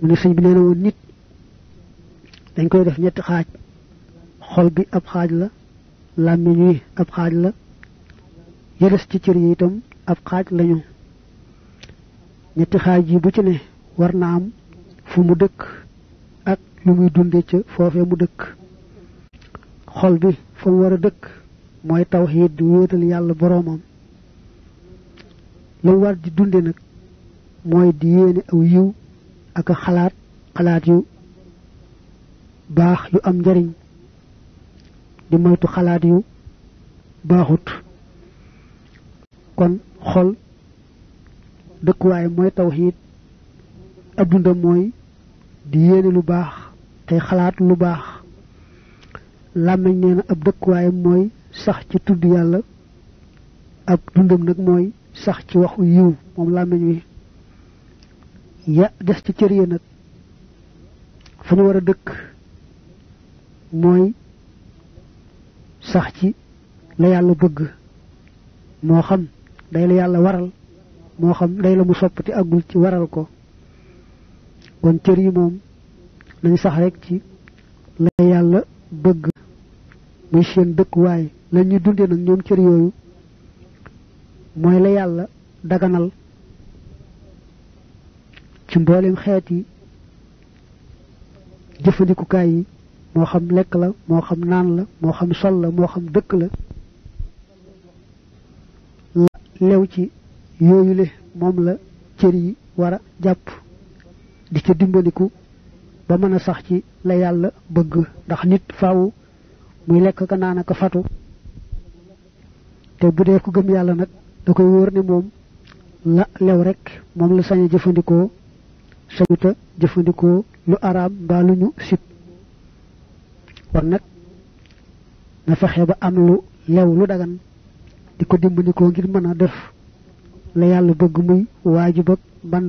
mu ne sëñ bi nee woon nit dañ koy def ñetti xaaj xol bi ab xaaj la làmmiñ wi ab xaaj la yëres ci cër yi itam ab xaaj lañu ñetti xaaj yi bu ci ne war na am fu mu dëkk ak lu muy dunde ca foofee mu dëkk xol bi fa mu war dëkk mooy tawxiid di wéetal yàlla boroomam lu war di dunde nag mooy di yéene aw yiw ak xalaat xalaat yu baax yu am njariñ di moytu xalaat yu baaxut kon xol dëkkuwaay mooy tawxiid ab dundam mooy di yéene lu baax te xalaat lu baax làmmiñ nee na ab dëkkuwaay mooy sax ci tudd yàlla ab dundam nag mooy sax ci waxu yiw moom làmmiñ wi ya des ci cër ya nak fa ñu wara dëkk moy sax ci la yalla bëgg mo xam day la yalla waral mo xam day la mu soppati agul ci waral ko kon cëri mom moom sax rek ci la yalla bëgg muy seen la ñuy dundé nak ñoom cëri yoyu moy la yalla daganal ci mboolem xet yi kay yi mo xam nanla la salla xam naan la mo xam sol la mo xam dëkk la lew ci yoyu le mom la cër yi wara japp di ci dimbaliku ba mëna sax ci la yalla bëgg ndax nit faaw muy lekk ka naan ka fatu te bu dee ku gëm yàlla nag da koy wóor ne moom la lew rek moom la sañ a sawuta jëfandikoo lu arab ba lu sip, warnet, kon nag na fexe ba am lu lew lu dagan di ko dimbandikoo ngir mën def la yàlla bëgg muy waajib ak ban